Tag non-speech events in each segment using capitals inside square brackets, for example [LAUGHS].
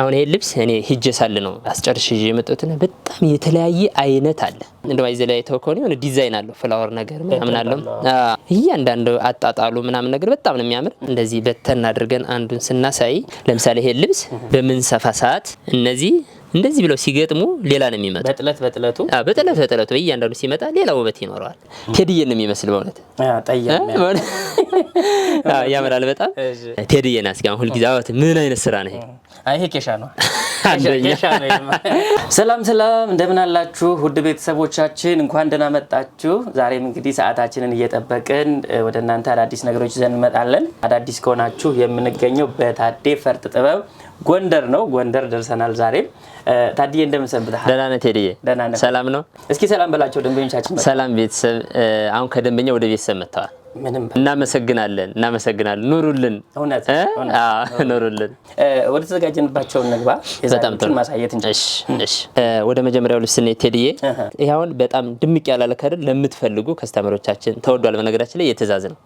አሁን ይሄ ልብስ እኔ ሂጄ ሳል ነው አስጨርሽ ይዤ የመጣሁትና በጣም የተለያየ አይነት አለ። እንደው አይዘ ላይ ተወከው የሆነ ዲዛይን አለው ፍላወር ነገር ምናምን አለው። እያንዳንዱ አጣጣሉ ምናምን ነገር በጣም ነው የሚያምር። እንደዚህ በተን አድርገን አንዱን ስናሳይ ለምሳሌ ይሄ ልብስ በምንሰፋ ሰዓት እነዚህ እንደዚህ ብለው ሲገጥሙ ሌላ ነው የሚመጣ። በጥለት በጥለቱ አ በጥለት በጥለቱ በእያንዳንዱ ሲመጣ ሌላ ውበት ይኖረዋል። ቴድዬን ነው የሚመስል በእውነት ያምራል። በጣም ቴድዬን አስጋም ሁልጊዜ አወት ምን አይነት ስራ ነው ይሄ? ኬሻ ነው። [LAUGHS] ሰላም ሰላም፣ እንደምን አላችሁ ውድ ቤተሰቦቻችን፣ እንኳን ደህና መጣችሁ። ዛሬም እንግዲህ ሰዓታችንን እየጠበቅን ወደ እናንተ አዳዲስ ነገሮች ይዘን እንመጣለን። አዳዲስ ከሆናችሁ የምንገኘው በታዴ ፈርጥ ጥበብ ጎንደር ነው። ጎንደር ደርሰናል። ዛሬም ታዲዬ እንደምንሰንብታል? ደህና ነህ ደህና ነህ? ሰላም ነው። እስኪ ሰላም በላቸው ደንበኞቻችን። ሰላም ቤተሰብ። አሁን ከደንበኛ ወደ ቤተሰብ መጥተዋል። እናመሰግናለን፣ እናመሰግናለን። ኑሩልን፣ ኑሩልን። ወደ ተዘጋጀንባቸውን ንግባ። በጣም ጥሩ ማሳየት እንጂ። ወደ መጀመሪያው ልብስ ስኔ ቴዲዬ፣ ይህ አሁን በጣም ድምቅ ያላለ ለምትፈልጉ ከስተመሮቻችን ተወዷል። በነገራችን ላይ የትእዛዝ ነው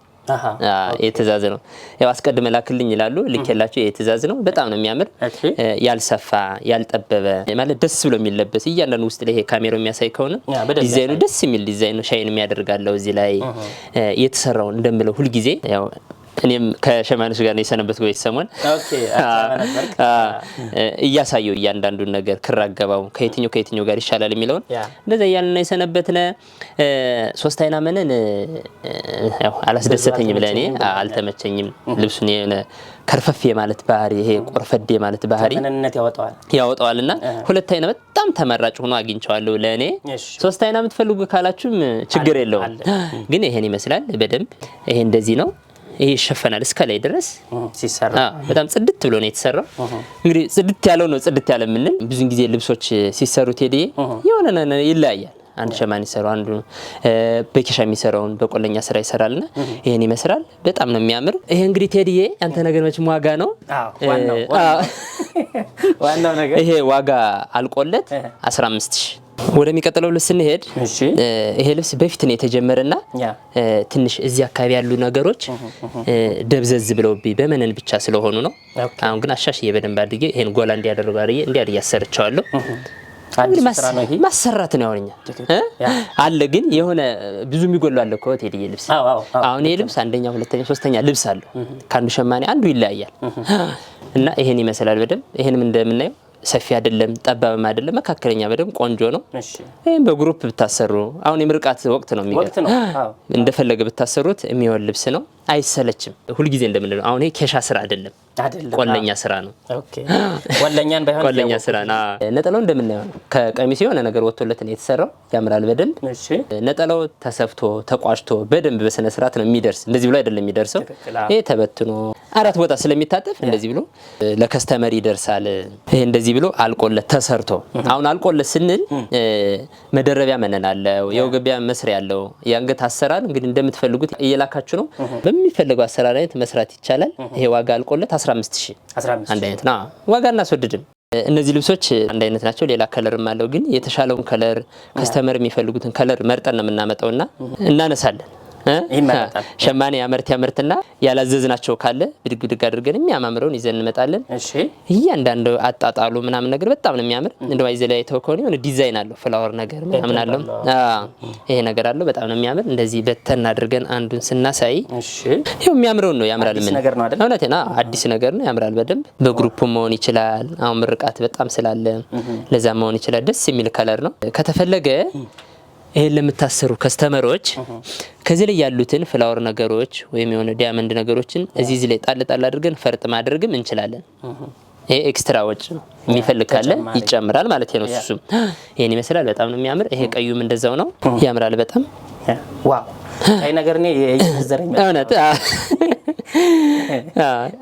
የትእዛዝ ነው። ያው አስቀድመ ላክልኝ ይላሉ። ልኬላቸው የትእዛዝ ነው። በጣም ነው የሚያምር፣ ያልሰፋ ያልጠበበ ማለት ደስ ብሎ የሚለበስ እያንዳንዱ ውስጥ ላይ ካሜራው የሚያሳይ ከሆነ ዲዛይኑ ደስ የሚል ዲዛይን ነው። ሻይን የሚያደርጋለው እዚህ ላይ የተሰራውን እንደምለው ሁልጊዜ ያው እኔም ከሸማኖች ጋር የሰነበት ጎ ሰሞን እያሳየው እያንዳንዱን ነገር ክር አገባው ከየትኛው ከየትኛው ጋር ይሻላል የሚለውን እንደዛ እያልና ነ ሶስት አይና መነን አላስደሰተኝም፣ ለእኔ አልተመቸኝም። ልብሱን የሆነ ከርፈፍ የማለት ባህሪ ይሄ ቆርፈዴ ማለት ባህሪ ያወጣዋል እና ሁለት አይና በጣም ተመራጭ ሆኖ አግኝቸዋለሁ። ለእኔ ሶስት አይና የምትፈልጉ ካላችሁም ችግር የለውም፣ ግን ይሄን ይመስላል በደንብ ይሄ እንደዚህ ነው ይሄ ይሸፈናል እስከ ላይ ድረስ ሲሰራ በጣም ጽድት ብሎ ነው የተሰራው። እንግዲህ ጽድት ያለው ነው ጽድት ያለ የምንል ብዙን ጊዜ ልብሶች ሲሰሩ ቴዲ የሆነ ይለያያል። አንድ ሸማኔ ሰራው አንዱ በኬሻ የሚሰራውን በቆለኛ ስራ ይሰራልና ይሄን ይመስላል። በጣም ነው የሚያምር። ይሄ እንግዲህ ቴዲዬ አንተ ነገር መቼም ዋጋ ነው ዋናው ነገር ይሄ ዋጋ አልቆለት 15 ሺህ ወደሚቀጥለው ልብስ ስንሄድ ይሄ ልብስ በፊት ነው የተጀመረና ትንሽ እዚህ አካባቢ ያሉ ነገሮች ደብዘዝ ብለውብኝ በመነን ብቻ ስለሆኑ ነው። አሁን ግን አሻሽዬ በደንብ አድርጌ ይሄን ጎላ እንዲያደርጉ አድርጌ እንዲያድ እያሰርቸዋለሁ። ማሰራት ነው ያሆነኛ አለ ግን የሆነ ብዙ የሚጎሉ አለ እኮ ቴዲዬ ልብስ። አሁን ይሄ ልብስ አንደኛ፣ ሁለተኛ፣ ሶስተኛ ልብስ አለው። ከአንዱ ሸማኔ አንዱ ይለያያል እና ይሄን ይመስላል በደንብ ይሄንም እንደምናየው ሰፊ አይደለም፣ ጠባብም አይደለም፣ መካከለኛ በደንብ ቆንጆ ነው። ይህም በግሩፕ ብታሰሩ አሁን የምርቃት ወቅት ነው የሚገርም እንደፈለገ ብታሰሩት የሚሆን ልብስ ነው፣ አይሰለችም። ሁልጊዜ እንደምንለው አሁን ይሄ ኬሻ ስራ አይደለም ቆለኛ ስራ ነው። ቆለኛን ባይሆን ቆለኛ ስራ ነው። ነጠላው እንደምናየው ነው። ከቀሚስ የሆነ ነገር ወጥቶለት ነው የተሰራው። ያምራል በደንብ ነጠላው ተሰፍቶ ተቋጭቶ በደንብ በስነ ስርዓት ነው የሚደርስ። እንደዚህ ብሎ አይደለም የሚደርሰው። ይሄ ተበትኖ አራት ቦታ ስለሚታጠፍ እንደዚህ ብሎ ለከስተመር ይደርሳል። ይሄ እንደዚህ ብሎ አልቆለት ተሰርቶ አሁን አልቆለት ስንል መደረቢያ መነን አለው፣ የወገቢያ መስሪያ አለው። የአንገት አሰራር እንግዲህ እንደምትፈልጉት እየላካችሁ ነው። በሚፈልገው አሰራር አይነት መስራት ይቻላል። ይሄ ዋጋ አልቆለት 15000 15000 አንድ አይነት ነው። ዋጋ እናስወድድም። እነዚህ ልብሶች አንድ አይነት ናቸው። ሌላ ከለርም አለው፣ ግን የተሻለውን ከለር ከስተመር የሚፈልጉትን ከለር መርጠን ነው እና እናነሳለን። ሸማኔ ያመርት ያመርትና ያላዘዝናቸው ካለ ብድግ ብድግ አድርገን የሚያማምረውን ይዘን እንመጣለን። እያንዳንዱ አጣጣሉ ምናምን ነገር በጣም ነው የሚያምር። እንደ ይዘ ላይ የተወከውን የሆነ ዲዛይን አለው ፍላወር ነገር ምናምን አለው። ይሄ ነገር አለው በጣም ነው የሚያምር። እንደዚህ በተን አድርገን አንዱን ስናሳይ ይኸው የሚያምረውን ነው ያምራል። ምን እውነቴን አዲስ ነገር ነው ያምራል። በደንብ በግሩፕ መሆን ይችላል። አሁን ምርቃት በጣም ስላለ ለዛ መሆን ይችላል። ደስ የሚል ከለር ነው ከተፈለገ ይሄን ለምታሰሩ ከስተመሮች ከዚህ ላይ ያሉትን ፍላወር ነገሮች ወይም የሆነ ዲያመንድ ነገሮችን እዚህ እዚህ ላይ ጣል ጣል አድርገን ፈርጥ ማድረግም እንችላለን። ይሄ ኤክስትራ ወጭ ነው። የሚፈልግ ካለ ይጨምራል ማለት ነው። እሱም ይሄን ይመስላል። በጣም ነው የሚያምር። ይሄ ቀዩም እንደዛው ነው፣ ያምራል በጣም ዋው። አይ ነገር ነው የዘረኝ እውነት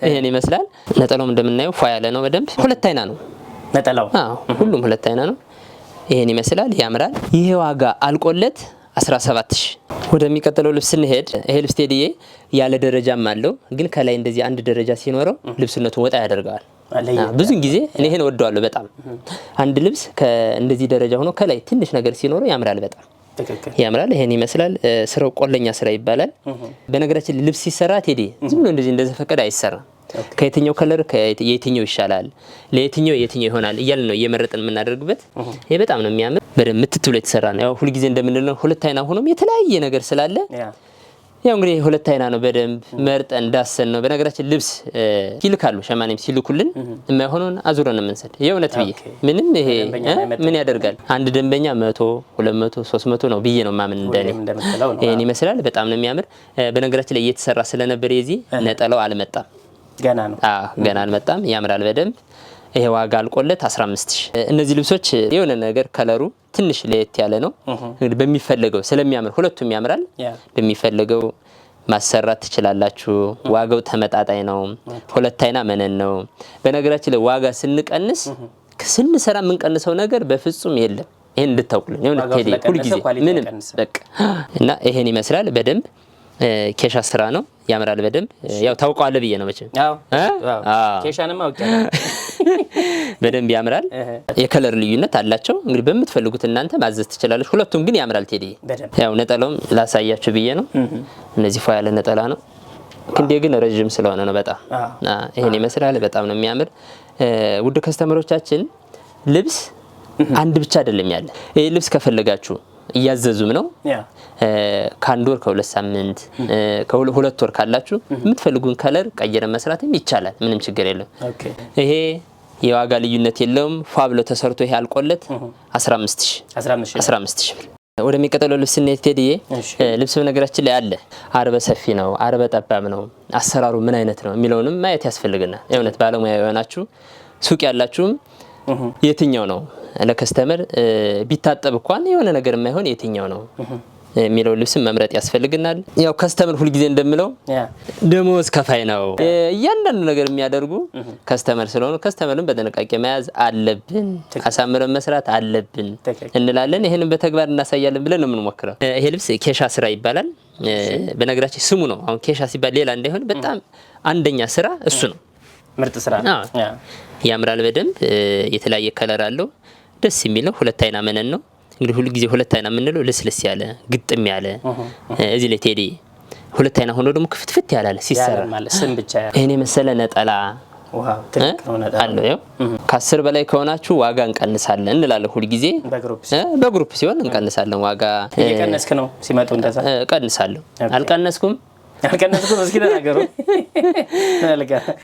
ይሄን ይመስላል። ነጠላውም እንደምናየው ፏ ያለ ነው በደንብ ሁለት አይና ነው ነጠላው። ሁሉም ሁለት አይና ነው። ይሄን ይመስላል፣ ያምራል። ይሄ ዋጋ አልቆለት 17 ሺህ። ወደሚቀጥለው ልብስ ስንሄድ ይሄ ልብስ ቴዲዬ ያለ ደረጃም አለው፣ ግን ከላይ እንደዚህ አንድ ደረጃ ሲኖረው ልብስነቱን ወጣ ያደርገዋል። ብዙን ጊዜ እኔ ይሄን ወደዋለሁ በጣም። አንድ ልብስ እንደዚህ ደረጃ ሆኖ ከላይ ትንሽ ነገር ሲኖረው ያምራል በጣም ያምራል ይሄን ይመስላል። ስራው ቆለኛ ስራ ይባላል። በነገራችን ልብስ ሲሰራ ቴዲ ዝም ብሎ እንደዚህ እንደዘፈቀደ አይሰራም። ከየትኛው ከለር የትኛው ይሻላል ለየትኛው የትኛው ይሆናል እያልን ነው እየመረጥን የምናደርግበት። ይሄ በጣም ነው የሚያምር በደንብ ምትትብሎ የተሰራ ነው። ያው ሁልጊዜ እንደምንለው ሁለት አይና ሆኖም የተለያየ ነገር ስላለ ያው እንግዲህ ሁለት አይና ነው። በደንብ መርጠን ዳሰን ነው። በነገራችን ልብስ ይልካሉ ሸማኔም ሲልኩልን የማይሆነውን አዙረን የምንሰድ የእውነት ብዬ ምንም ይሄ ምን ያደርጋል አንድ ደንበኛ መቶ ሁለት መቶ ሶስት መቶ ነው ብዬ ነው ማምን እንደኔ ይህን ይመስላል። በጣም ነው የሚያምር። በነገራችን ላይ እየተሰራ ስለነበር የዚህ ነጠላው አልመጣም ገና ነው። ገና አልመጣም። ያምራል በደንብ ይሄ ዋጋ አልቆለት 15 ሺህ። እነዚህ ልብሶች የሆነ ነገር ከለሩ ትንሽ ለየት ያለ ነው። እንግዲህ በሚፈለገው ስለሚያምር ሁለቱም ያምራል። በሚፈለገው ማሰራት ትችላላችሁ። ዋጋው ተመጣጣኝ ነው። ሁለት አይና መነን ነው። በነገራችን ላይ ዋጋ ስንቀንስ ስንሰራ የምንቀንሰው ነገር በፍጹም የለም። ይሄን እንድታውቁልኝ ሁልጊዜ ምንም በቃ እና ይሄን ይመስላል በደንብ ኬሻ ስራ ነው ያምራል። በደንብ ያው ታውቀዋለህ ብዬ ነው መቼም። አዎ ኬሻንም አውቄያለሁ። [LAUGHS] በደንብ ያምራል። የከለር ልዩነት አላቸው። እንግዲህ በምትፈልጉት እናንተ ማዘዝ ትችላለች። ሁለቱም ግን ያምራል። ቴዲ ያው ነጠላውም ላሳያችሁ ብዬ ነው። እነዚህ ፏ ያለ ነጠላ ነው። ክንዴ ግን ረዥም ስለሆነ ነው በጣም ይሄን ይመስላል። በጣም ነው የሚያምር። ውድ ከስተመሮቻችን ልብስ አንድ ብቻ አይደለም ያለ። ይህ ልብስ ከፈለጋችሁ እያዘዙም ነው። ከአንድ ወር ከሁለት ሳምንት ሁለት ወር ካላችሁ የምትፈልጉን ከለር ቀይረ መስራትም ይቻላል። ምንም ችግር የለም። ይሄ የዋጋ ልዩነት የለውም። ፏ ብሎ ተሰርቶ ይሄ አልቆለት 15 ሺህ ብር። ወደሚቀጥለው ልብስ ስንሄድ ልብስ በነገራችን ላይ አለ። አርበ ሰፊ ነው፣ አርበ ጠባብ ነው፣ አሰራሩ ምን አይነት ነው የሚለውንም ማየት ያስፈልግናል። የእውነት ባለሙያ የሆናችሁ ሱቅ ያላችሁም የትኛው ነው ለከስተመር ቢታጠብ እንኳን የሆነ ነገር የማይሆን የትኛው ነው የሚለው ልብስን መምረጥ ያስፈልግናል። ያው ከስተመር ሁልጊዜ እንደምለው ደሞዝ ከፋይ ነው። እያንዳንዱ ነገር የሚያደርጉ ከስተመር ስለሆኑ ከስተመርን በጥንቃቄ መያዝ አለብን፣ አሳምረን መስራት አለብን እንላለን። ይህንን በተግባር እናሳያለን ብለን ነው የምንሞክረው። ይሄ ልብስ ኬሻ ስራ ይባላል። በነገራችን ስሙ ነው። አሁን ኬሻ ሲባል ሌላ እንዳይሆን በጣም አንደኛ ስራ እሱ ነው። ምርጥ ስራ ያምራል። በደንብ የተለያየ ከለር አለው። ደስ የሚል ነው። ሁለት አይና መነን ነው እንግዲህ ሁሉ ጊዜ ሁለት አይና የምንለው ልስልስ ያለ ግጥም ያለ እዚህ ላይ ቴዲ ሁለት አይና ሆኖ ደግሞ ክፍትፍት ያላለ ሲሰራ እኔ የመሰለ ነጠላ አለው ያው ከአስር በላይ ከሆናችሁ ዋጋ እንቀንሳለን እንላለን። ሁልጊዜ በግሩፕ ሲሆን እንቀንሳለን። ዋጋ እየቀነስክ ነው ሲመጡ እንደዛ እቀንሳለሁ። አልቀነስኩም አልቀነስኩም። እስኪ ተናገሩ።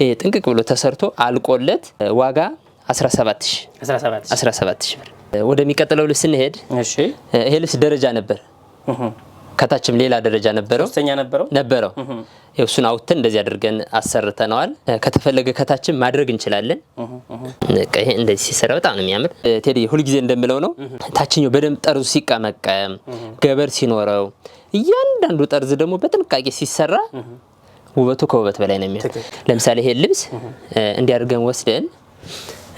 [LAUGHS] ጥንቅቅ ብሎ ተሰርቶ አልቆለት ዋጋ 17000 ብር። ወደሚቀጥለው ልብስ ስንሄድ ይሄ ልብስ ደረጃ ነበር፣ ከታችም ሌላ ደረጃ ነበረው ነበረው። እሱን አውጥተን እንደዚህ አድርገን አሰርተነዋል። ከተፈለገ ከታችም ማድረግ እንችላለን። ይሄ እንደዚህ ሲሰራ በጣም ነው የሚያምር። ቴዲ ሁልጊዜ እንደምለው ነው ታችኛው በደንብ ጠርዙ ሲቀመቀም ገበር ሲኖረው እያንዳንዱ ጠርዝ ደግሞ በጥንቃቄ ሲሰራ ውበቱ ከውበት በላይ ነው የሚሆን። ለምሳሌ ይሄን ልብስ እንዲያድርገን ወስደን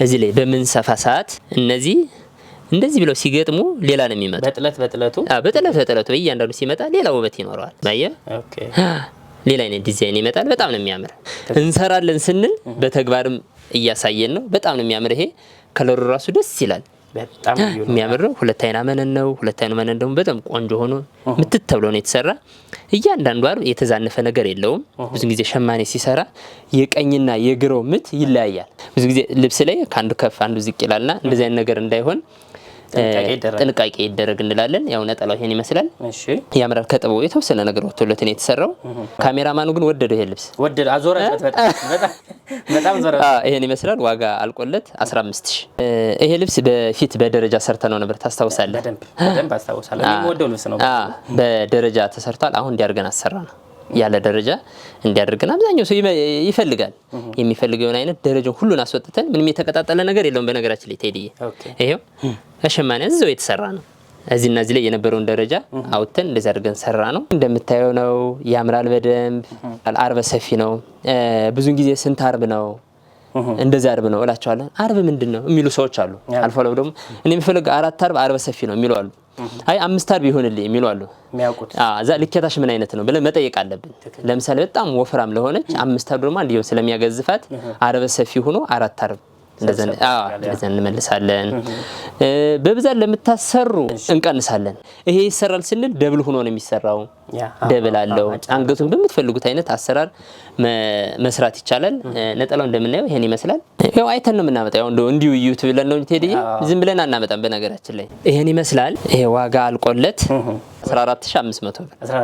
እዚህ ላይ በምንሰፋ ሰዓት እነዚህ እንደዚህ ብለው ሲገጥሙ ሌላ ነው የሚመጣው። በጥለት በጥለቱ በጥለት በጥለቱ በእያንዳንዱ ሲመጣ ሌላ ውበት ይኖረዋል። ባየ ሌላ አይነት ዲዛይን ይመጣል። በጣም ነው የሚያምር። እንሰራለን ስንል በተግባርም እያሳየን ነው። በጣም ነው የሚያምር። ይሄ ከለሩ ራሱ ደስ ይላል። በጣም የሚያምር ነው። ሁለት አይና መነን ነው። ሁለት አይኑ መነን ደግሞ በጣም ቆንጆ ሆኖ ምትት ተብሎ ነው የተሰራ። እያንዳንዱ አርብ የተዛነፈ ነገር የለውም። ብዙ ጊዜ ሸማኔ ሲሰራ የቀኝና የግራው ምት ይለያያል። ብዙ ጊዜ ልብስ ላይ ከአንዱ ከፍ አንዱ ዝቅ ይላልና እንደዚህ አይነት ነገር እንዳይሆን ጥንቃቄ ይደረግ እንላለን። ያው ነጠላው ይሄን ይመስላል። እሺ ያምራል። ከጥበቡ የተወሰነ ነገር ወጥቶለት ነው የተሰራው። ካሜራማኑ ግን ወደደው። ይሄን ልብስ ወደደው፣ አዞረበት በጣም በጣም ዞረ። ይሄን ይመስላል። ዋጋ አልቆለት 15000። ይሄ ልብስ በፊት በደረጃ ሰርተ ነው ነበር፣ ታስታውሳለህ? በደንብ በደንብ አስታውሳለሁ። እኔ የምወደው ልብስ ነው። በደረጃ ተሰርቷል። አሁን እንዲያርገን አሰራ ነው ያለ ደረጃ እንዲያደርግን አብዛኛው ሰው ይፈልጋል። የሚፈልገውን አይነት ደረጃውን ሁሉን አስወጥተን ምንም የተቀጣጠለ ነገር የለውም። በነገራችን ላይ ቴዲዬ ይሄው አሸማኔ እዛው የተሰራ ነው። እዚህና እዚህ ላይ የነበረውን ደረጃ አውጥተን እንደዚህ አድርገን ሰራ ነው። እንደምታየው ነው። ያምራል በደንብ አርበ ሰፊ ነው። ብዙን ጊዜ ስንት አርብ ነው እንደዚህ አርብ ነው እላቸዋለን። አርብ ምንድን ነው የሚሉ ሰዎች አሉ። አልፎ ደግሞ እኔ የሚፈልግ አራት አርብ አርበ ሰፊ ነው የሚሉ አሉ። አይ አምስት አርብ ይሆንልኝ የሚሉ አሉ። እዛ ልኬታሽ ምን አይነት ነው ብለን መጠየቅ አለብን። ለምሳሌ በጣም ወፍራም ለሆነች አምስት አርብ ደግሞ አንድየው ስለሚያገዝፋት አረበ ሰፊ ሆኖ አራት አርብ እንደዛ እንመልሳለን። በብዛት ለምታሰሩ እንቀንሳለን። ይሄ ይሰራል ስንል ደብል ሆኖ ነው የሚሰራው። ደብል አለው። አንገቱን በምትፈልጉት አይነት አሰራር መስራት ይቻላል። ነጠላው እንደምናየው ይሄን ይመስላል። ያው አይተን ነው የምናመጣው። ያው እንዲሁ እዩት ብለን ነው ቴዲ፣ ዝም ብለን አናመጣም። በነገራችን ላይ ይሄን ይመስላል። ይሄ ዋጋ አልቆለት 14500 ብር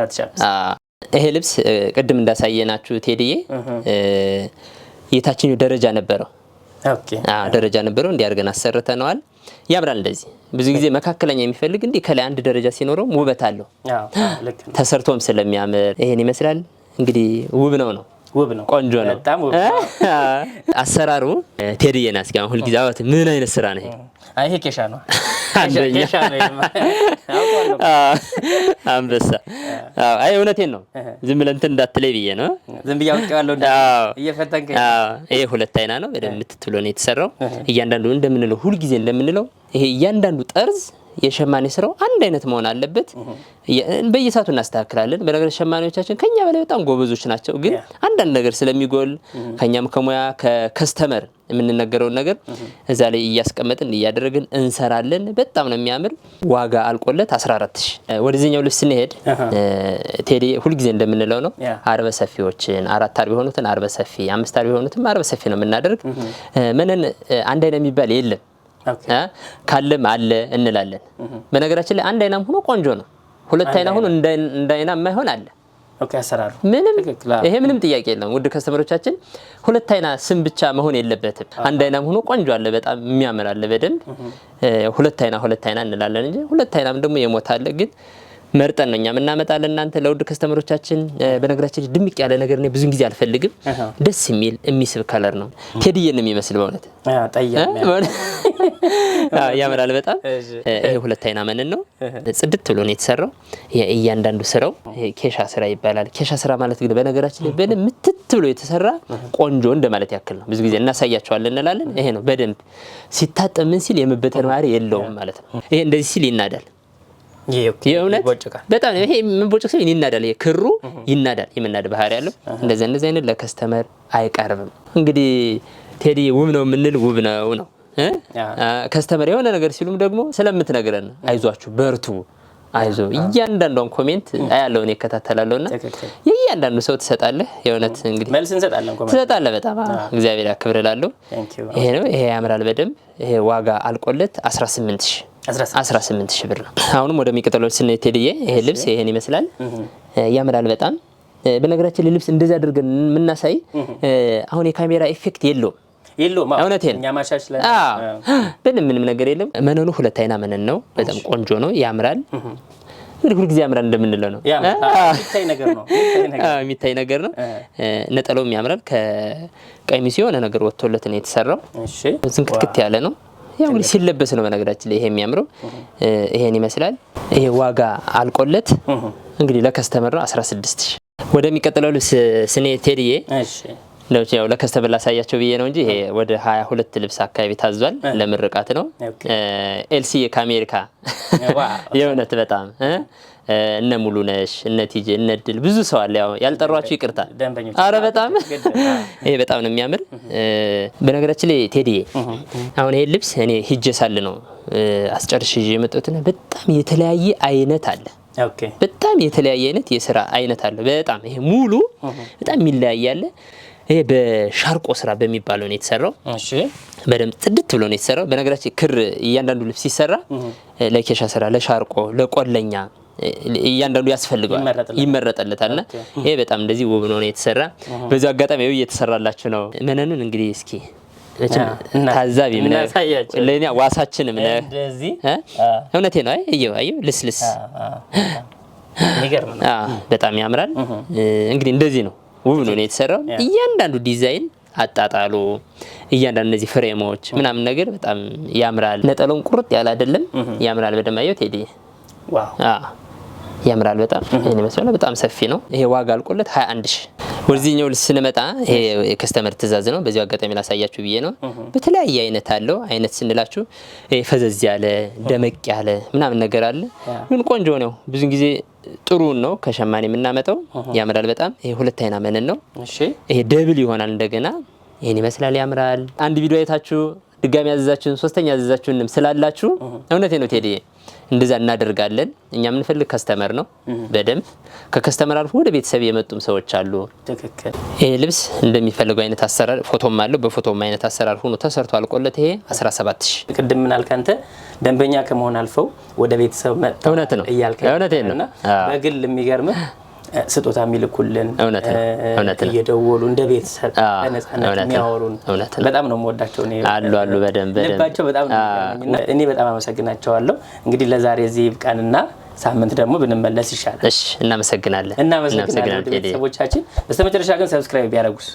ይሄ ልብስ ቅድም እንዳሳየናችሁ ቴዲዬ የታችኛው ደረጃ ነበረው ደረጃ ነበረው። እንዲህ አድርገን አሰርተነዋል። ያምራል። እንደዚህ ብዙ ጊዜ መካከለኛ የሚፈልግ እንዲህ ከላይ አንድ ደረጃ ሲኖረውም ውበት አለው። ተሰርቶም ስለሚያምር ይሄን ይመስላል። እንግዲህ ውብ ነው ነው ውብ ነው፣ ቆንጆ ነው። በጣም ውብ አሰራሩ ቴድዬ ና እስኪ ሁልጊዜ አወት ምን አይነት ስራ ነው ይሄ? ይሄ ኬሻ ነው [LAUGHS] አንደኛ አንበሳ። አይ እውነቴን ነው። ዝም ብለህ እንትን እንዳትለይ ብዬ ነው። ዝም ብዬ አውቄዋለሁ። ይሄ ሁለት አይና ነው በደምብ ትትሎ ነው የተሰራው። እያንዳንዱ እንደምንለው ሁልጊዜ እንደምንለው ይሄ እያንዳንዱ ጠርዝ የሸማኔ ስራው አንድ አይነት መሆን አለበት። በየሰዓቱ እናስተካክላለን። በነገር ሸማኔዎቻችን ከኛ በላይ በጣም ጎበዞች ናቸው። ግን አንዳንድ ነገር ስለሚጎል ከኛም ከሙያ ከከስተመር የምንነገረውን ነገር እዛ ላይ እያስቀመጥን እያደረግን እንሰራለን። በጣም ነው የሚያምር። ዋጋ አልቆለት 14 ሺ። ልብስ ስንሄድ ቴዲ ሁልጊዜ እንደምንለው ነው አርበ ሰፊዎችን አራት አርብ የሆኑትን አርበ ሰፊ፣ አምስት አርብ የሆኑትን አርበ ሰፊ ነው የምናደርግ። ምንን አንድ አይነት የሚባል የለም ካለም አለ እንላለን። በነገራችን ላይ አንድ አይናም ሆኖ ቆንጆ ነው። ሁለት አይና ሆኖ እንደ አይና የማይሆን አለ። ምንም ይሄ ምንም ጥያቄ የለም። ውድ ከስተመሮቻችን ሁለት አይና ስም ብቻ መሆን የለበትም። አንድ አይናም ሆኖ ቆንጆ አለ፣ በጣም የሚያምር አለ። በደንብ ሁለት አይና ሁለት አይና እንላለን እንጂ ሁለት አይናም ደግሞ የሞታ አለ ግን መርጠን ነው እኛም እናመጣለን። እናንተ ለውድ ከስተመሮቻችን በነገራችን ድምቅ ያለ ነገር ነው ብዙ ጊዜ አልፈልግም። ደስ የሚል የሚስብ ከለር ነው ቴዲዬን የሚመስል በእውነት ያምራል በጣም ይሄ ሁለት አይና መንን ነው ጽድት ብሎ ነው የተሰራው። እያንዳንዱ ስራው ኬሻ ስራ ይባላል። ኬሻ ስራ ማለት ግን በነገራችን በደንብ ምትት ብሎ የተሰራ ቆንጆ እንደማለት ያክል ነው። ብዙ ጊዜ እናሳያቸዋለን እንላለን። ይሄ ነው በደንብ ሲታጠምን ሲል የመበተን ባህሪ የለውም ማለት ነው። ይሄ እንደዚህ ሲል ይናዳል። የእውነት በጣም ይሄ የምንቦጭቅ ሲሆን ይናዳል፣ ክሩ ይናዳል፣ የምናድ ባህሪ ያለው እንደዚህ እንደዚህ አይነት ለከስተመር አይቀርብም። እንግዲህ ቴዲ ውብ ነው የምንል ውብ ነው ነው ከስተመር የሆነ ነገር ሲሉም ደግሞ ስለምትነግረን አይዟችሁ በርቱ አይዞ እያንዳንዷን ኮሜንት ያለውን ይከታተላለሁ ና የእያንዳንዱ ሰው ትሰጣለህ። የእውነት እንግዲህ መልስ ትሰጣለህ። በጣም እግዚአብሔር ያክብር እላለሁ። ይሄ ነው ይሄ ያምራል በደንብ ይሄ ዋጋ አልቆለት 18 ሺህ 18 ሺህ ብር ነው። አሁንም ወደሚቀጥለው ስንሄድ ቴድዬ ይሄ ልብስ ይሄን ይመስላል። ያምራል በጣም በነገራችን ልብስ እንደዚህ አድርገን የምናሳይ አሁን የካሜራ ኤፌክት የለውም የለውም እውነቴን ብን ምንም ነገር የለም። መነኑ ሁለት አይና መነን ነው። በጣም ቆንጆ ነው፣ ያምራል። እንግዲህ ሁልጊዜ ያምራል እንደምንለው ነው፣ የሚታይ ነገር ነው። ነጠላውም ያምራል። ከቀሚሱ የሆነ ነገር ወጥቶለት ነው የተሰራው። ዝንክትክት ያለ ነው። ያው እንግዲህ ሲለበስ ነው በነገራችን ላይ ይሄ የሚያምረው። ይሄን ይመስላል። ይሄ ዋጋ አልቆለት እንግዲህ ለከስተመር ነው 16 ሺህ። ወደሚቀጥለው ልብስ ስኔ ቴድዬ ለከስተመር ላሳያቸው ብዬ ነው እንጂ ይሄ ወደ 22 ልብስ አካባቢ ታዟል። ለምርቃት ነው ኤልሲ ከአሜሪካ የእውነት በጣም እነ ሙሉነሽ እነ ቲጂ፣ እነ ድል ብዙ ሰው አለ። ያው ያልጠሯችሁ ይቅርታል። አረ በጣም ይሄ በጣም ነው የሚያምር። በነገራችን ላይ ቴዲዬ አሁን ይሄ ልብስ እኔ ሂጄ ሳል ነው አስጨርሽ ይዤ የመጣሁትና በጣም የተለያየ አይነት አለ። በጣም የተለያየ አይነት የስራ አይነት አለ። በጣም ይሄ ሙሉ በጣም የሚለያየ አለ። ይሄ በሻርቆ ስራ በሚባለው ነው የተሰራው። እሺ በደንብ ጽድት ብሎ ነው የተሰራው። በነገራችን ክር እያንዳንዱ ልብስ ሲሰራ ለኬሻ ስራ፣ ለሻርቆ፣ ለቆለኛ እያንዳንዱ ያስፈልገዋል፣ ይመረጠለታል። ና ይሄ በጣም እንደዚህ ውብ ነው የተሰራ። በዚሁ አጋጣሚ ው እየተሰራላችሁ ነው መነኑን እንግዲህ እስኪ ታዛቢ ምለኛ ዋሳችን ምነ እውነቴ ነው። አየው አየው ልስልስ በጣም ያምራል። እንግዲህ እንደዚህ ነው ውብ ነው የተሰራው። እያንዳንዱ ዲዛይን አጣጣሉ፣ እያንዳንዱ እነዚህ ፍሬሞች ምናምን ነገር በጣም ያምራል። ነጠለውን ቁርጥ ያለ አይደለም፣ ያምራል። በደንብ አየው ቴዲ ያምራል። በጣም ይህን ይመስላል። በጣም ሰፊ ነው። ይሄ ዋጋ አልቆለት 21 ሺ። ወደዚህኛው ስንመጣ ይሄ የከስተመር ትእዛዝ ነው። በዚሁ አጋጣሚ ላሳያችሁ ብዬ ነው። በተለያየ አይነት አለው። አይነት ስንላችሁ ፈዘዝ ያለ ደመቅ ያለ ምናምን ነገር አለ። ግን ቆንጆ ነው። ብዙ ጊዜ ጥሩን ነው ከሸማኔ የምናመጣው። ያምራል በጣም ይሄ ሁለት አይና መንን ነው። ይሄ ደብል ይሆናል። እንደገና ይህን ይመስላል። ያምራል። አንድ ቪዲዮ አይታችሁ ድጋሚ ያዘዛችሁን ሶስተኛ ያዘዛችሁንም ስላላችሁ እውነቴ ነው ቴዲ እንደዛ እናደርጋለን። እኛ የምንፈልግ ከስተመር ነው። በደንብ ከከስተመር አልፎ ወደ ቤተሰብ የመጡም ሰዎች አሉ። ይሄ ልብስ እንደሚፈልገው አይነት አሰራር ፎቶም አለው። በፎቶም አይነት አሰራር ሆኖ ተሰርቶ አልቆለት ይሄ 17 ሺህ ቅድም ምን አንተ ደንበኛ ከመሆን አልፈው ወደ ቤተሰብ መጥተው እውነት ነው እያልከ በግል የሚገርምህ ስጦታ የሚልኩልን እየደወሉ እንደ ቤተሰብ በነፃነት የሚያወሩን በጣም ነው የምወዳቸው አሉ አሉ በደንብ ልባቸው በጣም እኔ በጣም አመሰግናቸዋለሁ። እንግዲህ ለዛሬ እዚህ ይብቃንና ሳምንት ደግሞ ብንመለስ ይሻላል። እሺ፣ እናመሰግናለን እናመሰግናለን ቤተሰቦቻችን። በስተመጨረሻ ግን ሰብስክራይብ ቢያደርጉስ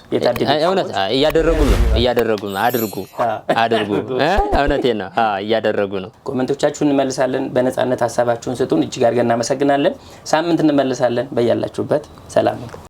እውነት እያደረጉ ነው እያደረጉ ነው። አድርጉ አድርጉ፣ እውነቴን ነው እያደረጉ ነው። ኮመንቶቻችሁን እንመልሳለን። በነፃነት ሀሳባችሁን ስጡን። እጅግ አድርገን እናመሰግናለን። ሳምንት እንመልሳለን። በያላችሁበት ሰላም